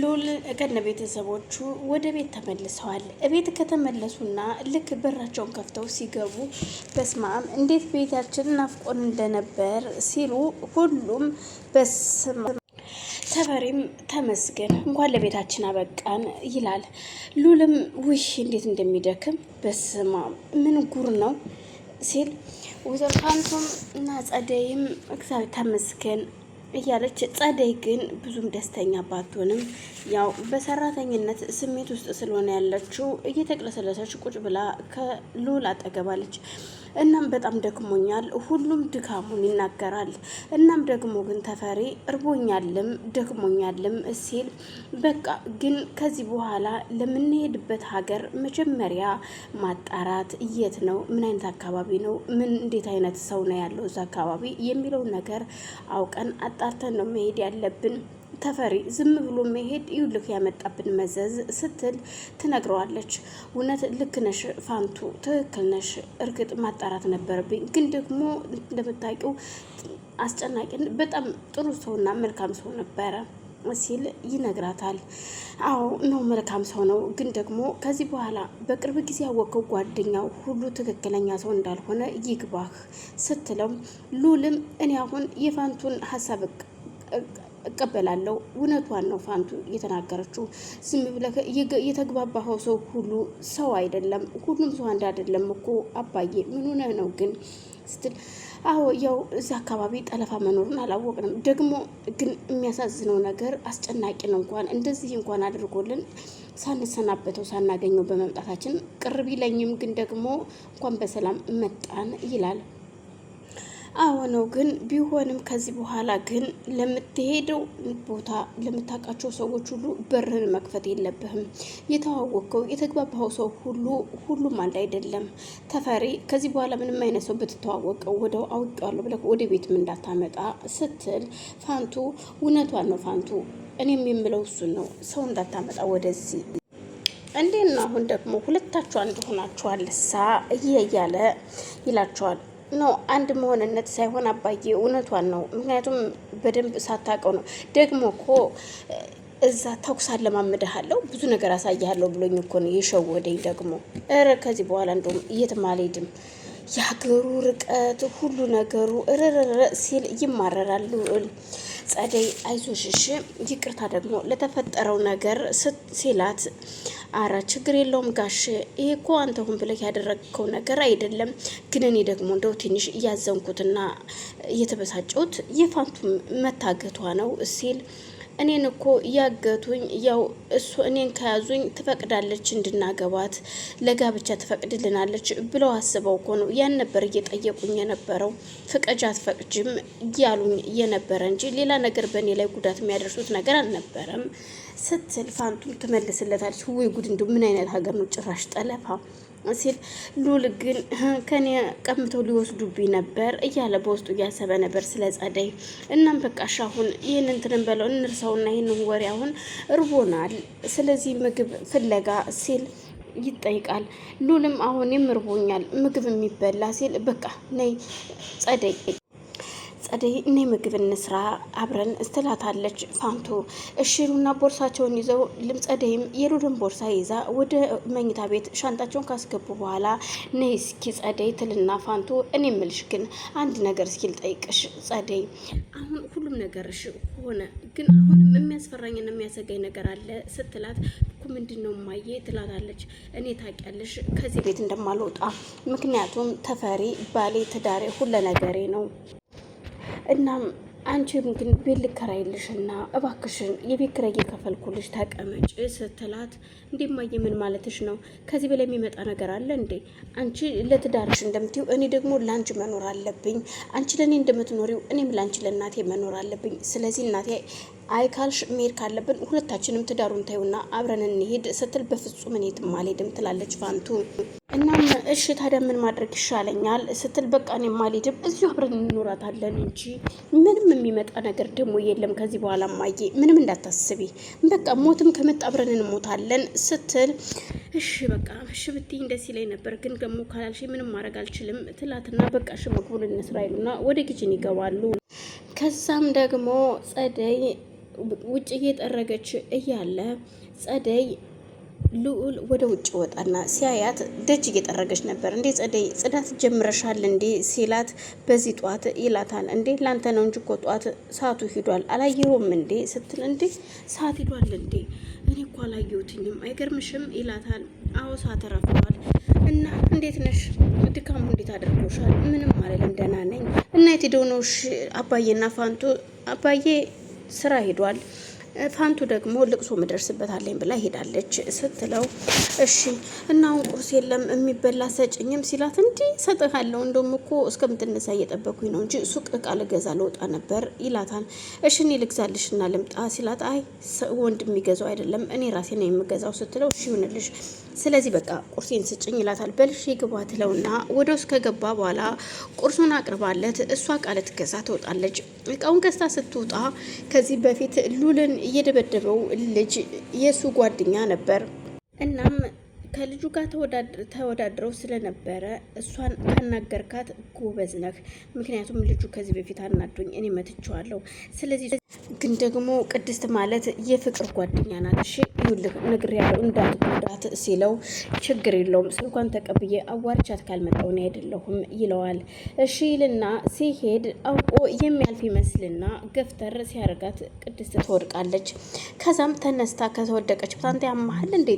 ሉል ከነ ቤተሰቦቹ ወደ ቤት ተመልሰዋል። ቤት ከተመለሱና ልክ በራቸውን ከፍተው ሲገቡ በስማም እንዴት ቤታችን ናፍቆን እንደነበር ሲሉ ሁሉም በስማ ሰበሬም ተመስገን እንኳን ለቤታችን አበቃን ይላል። ሉልም ውሽ እንዴት እንደሚደክም በስማ ምን ጉር ነው ሲል ወይዘሮ ፋንቱም እና ጸደይም እግዚአብሔር ተመስገን እያለች ጸደይ ግን ብዙም ደስተኛ ባትሆንም ያው በሰራተኝነት ስሜት ውስጥ ስለሆነ ያለችው እየተቅለሰለሰች ቁጭ ብላ ከሉል አጠገባለች። እናም በጣም ደክሞኛል። ሁሉም ድካሙን ይናገራል። እናም ደግሞ ግን ተፈሪ እርቦኛልም ደክሞኛልም ሲል በቃ ግን ከዚህ በኋላ ለምንሄድበት ሀገር መጀመሪያ ማጣራት የት ነው፣ ምን አይነት አካባቢ ነው፣ ምን እንዴት አይነት ሰው ነው ያለው እዛ አካባቢ የሚለው ነገር አውቀን አጣርተን ነው መሄድ ያለብን። ተፈሪ ዝም ብሎ መሄድ ይውልክ ያመጣብን መዘዝ ስትል ትነግረዋለች። እውነት ልክ ነሽ ፋንቱ፣ ትክክል ነሽ። እርግጥ ማጣራት ነበረብኝ፣ ግን ደግሞ እንደምታውቂው አስጨናቂን በጣም ጥሩ ሰውና መልካም ሰው ነበረ ሲል ይነግራታል። አዎ ነው መልካም ሰው ነው፣ ግን ደግሞ ከዚህ በኋላ በቅርብ ጊዜ ያወቀው ጓደኛው ሁሉ ትክክለኛ ሰው እንዳልሆነ ይግባህ ስትለው ሉልም እኔ አሁን የፋንቱን ሀሳብ እቀበላለሁ። እውነቷን ነው ፋንቱ እየተናገረችው። ዝም ብለህ የተግባባኸው ሰው ሁሉ ሰው አይደለም፣ ሁሉም ሰው አንድ አይደለም እኮ አባዬ። ምን ሆነህ ነው ግን ስትል አዎ ያው እዚ አካባቢ ጠለፋ መኖሩን አላወቅንም። ደግሞ ግን የሚያሳዝነው ነገር ነው። እንኳን እንደዚህ እንኳን አድርጎልን ሳንሰናበተው ሳናገኘው በመምጣታችን ቅር ቢለኝም ግን ደግሞ እንኳን በሰላም መጣን ይላል። አሁነው ግን ቢሆንም ከዚህ በኋላ ግን ለምትሄደው ቦታ ለምታውቃቸው ሰዎች ሁሉ በርን መክፈት የለብህም። የተዋወቀው የተግባባው ሰው ሁሉ ሁሉም አንድ አይደለም። ተፈሪ ከዚህ በኋላ ምንም አይነት ሰው ብትተዋወቀው ወደው አውቄዋለሁ ብለህ ወደ ቤትም እንዳታመጣ ስትል ፋንቱ እውነቷን ነው። ፋንቱ እኔም የምለው እሱን ነው። ሰው እንዳታመጣ ወደዚህ እንዴና አሁን ደግሞ ሁለታችሁ አንድ ሆናችኋል ሳ እያያለ ይላቸዋል። ኖ አንድ መሆንነት ሳይሆን አባዬ እውነቷን ነው። ምክንያቱም በደንብ ሳታውቀው ነው ደግሞ እኮ እዛ ተኩስ አለማምድሃለሁ ብዙ ነገር አሳያለሁ ብሎኝ እኮ ነው የሸወደኝ። ደግሞ ኧረ ከዚህ በኋላ እንደውም የትም አልሄድም የሀገሩ ርቀት ሁሉ ነገሩ ርርር ሲል ይማረራሉ። ጸደይ አይዞሽ እሺ፣ ይቅርታ ደግሞ ለተፈጠረው ነገር ሲላት፣ አረ ችግር የለውም ጋሽ፣ ይሄ እኮ አንተ ሁን ብለህ ያደረግከው ነገር አይደለም። ግን እኔ ደግሞ እንደው ትንሽ እያዘንኩትና እየተበሳጨሁት የፋንቱ መታገቷ ነው ሲል እኔን እኮ ያገቱኝ ያው እሱ እኔን ከያዙኝ ትፈቅዳለች እንድናገባት ለጋብቻ ትፈቅድልናለች ብለው አስበው እኮ ነው ያን ነበር እየጠየቁኝ የነበረው። ፍቀጅ አትፈቅጅም እያሉኝ የነበረ እንጂ ሌላ ነገር በእኔ ላይ ጉዳት የሚያደርሱት ነገር አልነበረም ስትል ፋንቱም ትመልስለታለች። ውይ ጉድ! እንዲሁ ምን አይነት ሀገር ነው ጭራሽ ጠለፋ ሲል ሉል ግን ከኔ ቀምተው ሊወስዱብኝ ነበር እያለ በውስጡ እያሰበ ነበር ስለ ጸደይ። እናም በቃሽ አሁን ይህን እንትንን በለው እንርሰውና ይህንን ወሬ አሁን እርቦናል፣ ስለዚህ ምግብ ፍለጋ ሲል ይጠይቃል። ሉልም አሁን እርቦኛል ምግብ የሚበላ ሲል በቃ ነይ ጸደይ አጸደይ እኔ ምግብ እንስራ አብረን እስትላታለች። ፋንቱ እሽሩና ቦርሳቸውን ይዘው ልምፀደይም የሉልን ቦርሳ ይዛ ወደ መኝታ ቤት ሻንጣቸውን ካስገቡ በኋላ ነይ እስኪ ጸደይ ትልና ፋንቱ እኔ ምልሽ ግን አንድ ነገር እስኪ ልጠይቅሽ ጸደይ፣ አሁን ሁሉም ነገርሽ ሆነ፣ ግን አሁንም የሚያስፈራኝና የሚያሰጋኝ ነገር አለ ስትላት ምንድን ነው ትላታለች። እኔ ታውቂያለሽ ከዚህ ቤት እንደማልወጣ ምክንያቱም ተፈሪ ባሌ፣ ትዳሬ፣ ሁለ ነገሬ ነው። እናም አንቺም ግን ቤት ልከራይልሽና እባክሽን የቤት ኪራይ እየከፈልኩልሽ ተቀመጭ ስትላት፣ እንዴ ምን ማለትሽ ነው? ከዚህ በላይ የሚመጣ ነገር አለ እንዴ? አንቺ ለትዳርሽ እንደምትይው እኔ ደግሞ ለአንቺ መኖር አለብኝ። አንቺ ለእኔ እንደምትኖሪው እኔም ለአንቺ ለእናቴ መኖር አለብኝ። ስለዚህ እናቴ አይ ካልሽ መሄድ ካለብን ሁለታችንም ትዳሩን ታዩና አብረን እንሄድ ስትል በፍጹም እኔ የትም አልሄድም ትላለች ፋንቱ። እናም እሺ ታዲያ ምን ማድረግ ይሻለኛል ስትል በቃ እኔም አልሄድም እዚሁ አብረን እንኖራታለን እንጂ ምንም የሚመጣ ነገር ደግሞ የለም ከዚህ በኋላ ማየ ምንም እንዳታስቢ፣ በቃ ሞትም ከመጣ አብረን እንሞታለን ስትል እሺ በቃ እሺ ብትይኝ ደስ ይለኝ ነበር፣ ግን ደግሞ ካላልሽ ምንም ማድረግ አልችልም ትላትና በቃ እሺ ምግቡን እንስራ ይሉና ወደ ኪችን ይገባሉ። ከዛም ደግሞ ጸደይ ውጭ እየጠረገች እያለ ጸደይ ልዑል ወደ ውጭ ወጣና ሲያያት ደጅ እየጠረገች ነበር። እንዴ ጸደይ ጽዳት ጀምረሻል እንዴ ሲላት፣ በዚህ ጧት ይላታል። እንዴ ላንተ ነው እንጂ እኮ ጧት ሰዓቱ ሂዷል አላየሁም እንዴ ስትል፣ እንዴ ሰዓት ሂዷል እንዴ እኔ እኮ አላየሁትኝም አይገርምሽም ይላታል። አዎ ሰዓት ረፍዷል። እና እንዴት ነሽ? ድካሙ እንዴት አድርጎሻል? ምንም አለለም ደህና ነኝ። እና የት ሄደው ነው አባዬና ፋንቱ አባዬ ስራ ሄዷል። ፋንቱ ደግሞ ልቅሶ ምደርስበታለኝ ብላ ሄዳለች ስትለው እሺ እና አሁን ቁርስ የለም የሚበላ ሰጭኝም ሲላት እንዲህ ሰጥሃለሁ እንደውም እኮ እስከምትነሳ እየጠበኩኝ ነው እንጂ ሱቅ እቃ ልገዛ ልወጣ ነበር ይላታል። እሺ እኔ ልግዛልሽና ልምጣ ሲላት አይ ወንድ የሚገዛው አይደለም እኔ ራሴ ነው የምገዛው ስትለው እሺ ይሁንልሽ ስለዚህ በቃ ቁርሴን ስጭኝ ይላታል። በልሽ ግባ ትለውና ወደ ውስጥ ከገባ በኋላ ቁርሱን አቅርባለት እሷ ቃለት ገዛ ትወጣለች። እቃውን ገዝታ ስትወጣ ከዚህ በፊት ሉልን እየደበደበው ልጅ የእሱ ጓደኛ ነበር። እናም ከልጁ ጋር ተወዳድረው ስለነበረ እሷን ካናገርካት ጎበዝ ነህ፣ ምክንያቱም ልጁ ከዚህ በፊት አናዶኝ እኔ መትቸዋለሁ። ስለዚህ ግን ደግሞ ቅድስት ማለት የፍቅር ጓደኛ ናት። እሺ ይኸውልህ ነግሬያለሁ እንዳት ላት ሲለው ችግር የለውም ስልኳን ተቀብዬ አዋርቻት ካልመጣሁ እኔ አይደለሁም ይለዋል። እሺ ይልና ሲሄድ አውቆ የሚያልፍ ይመስልና ገፍተር ሲያደርጋት ቅድስት ትወድቃለች። ከዛም ተነስታ ከተወደቀች ታንተ ያመሃል እንዴት